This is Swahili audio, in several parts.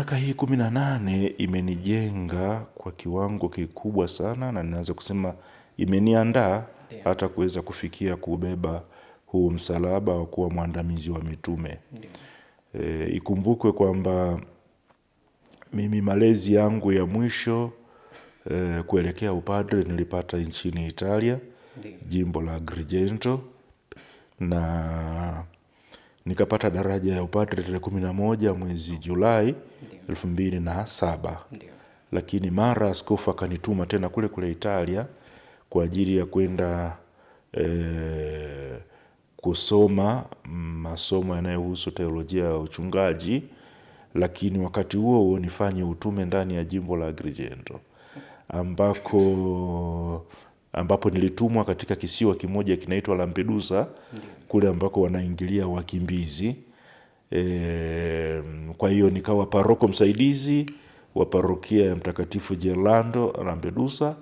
miaka hii kumi na nane imenijenga kwa kiwango kikubwa sana, na ninaweza kusema imeniandaa hata kuweza kufikia kubeba huu msalaba wa kuwa mwandamizi wa mitume. E, ikumbukwe kwamba mimi malezi yangu ya mwisho e, kuelekea upadre nilipata nchini Italia, jimbo la Agrigento na nikapata daraja ya upadre tarehe kumi na moja mwezi Julai elfu mbili na saba lakini mara askofu akanituma tena kule kule Italia kwa ajili ya kwenda e, kusoma masomo yanayohusu teolojia ya uchungaji, lakini wakati huo huo nifanye utume ndani ya jimbo la Agrigento ambako ambapo nilitumwa katika kisiwa kimoja kinaitwa Lampedusa kule ambako wanaingilia wakimbizi e, kwa hiyo nikawa paroko msaidizi wa parokia ya Mtakatifu Gerlando Lampedusa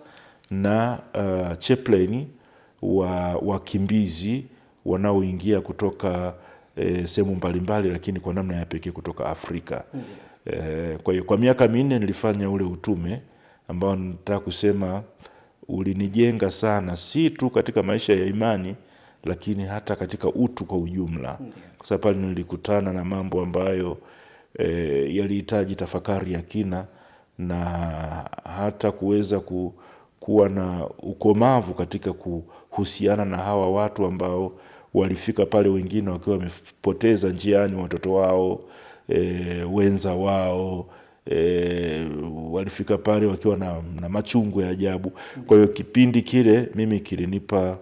na uh, chaplain wa wakimbizi wanaoingia kutoka e, sehemu mbalimbali lakini kwa namna ya pekee kutoka Afrika. E, kwa hiyo kwa miaka minne nilifanya ule utume ambao nataka kusema ulinijenga sana, si tu katika maisha ya imani, lakini hata katika utu kwa ujumla, kwa sababu pale nilikutana na mambo ambayo e, yalihitaji tafakari ya kina na hata kuweza ku, kuwa na ukomavu katika kuhusiana na hawa watu ambao walifika pale, wengine wakiwa wamepoteza njiani watoto wao, e, wenza wao e, walifika pale wakiwa na, na machungu ya ajabu. Kwa hiyo kipindi kile mimi kilinipa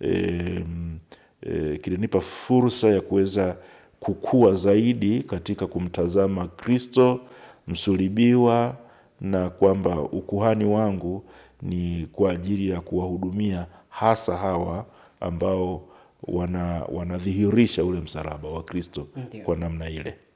e, e, kilinipa fursa ya kuweza kukua zaidi katika kumtazama Kristo msulibiwa na kwamba ukuhani wangu ni kwa ajili ya kuwahudumia hasa hawa ambao wanadhihirisha ule msalaba wa Kristo kwa namna ile.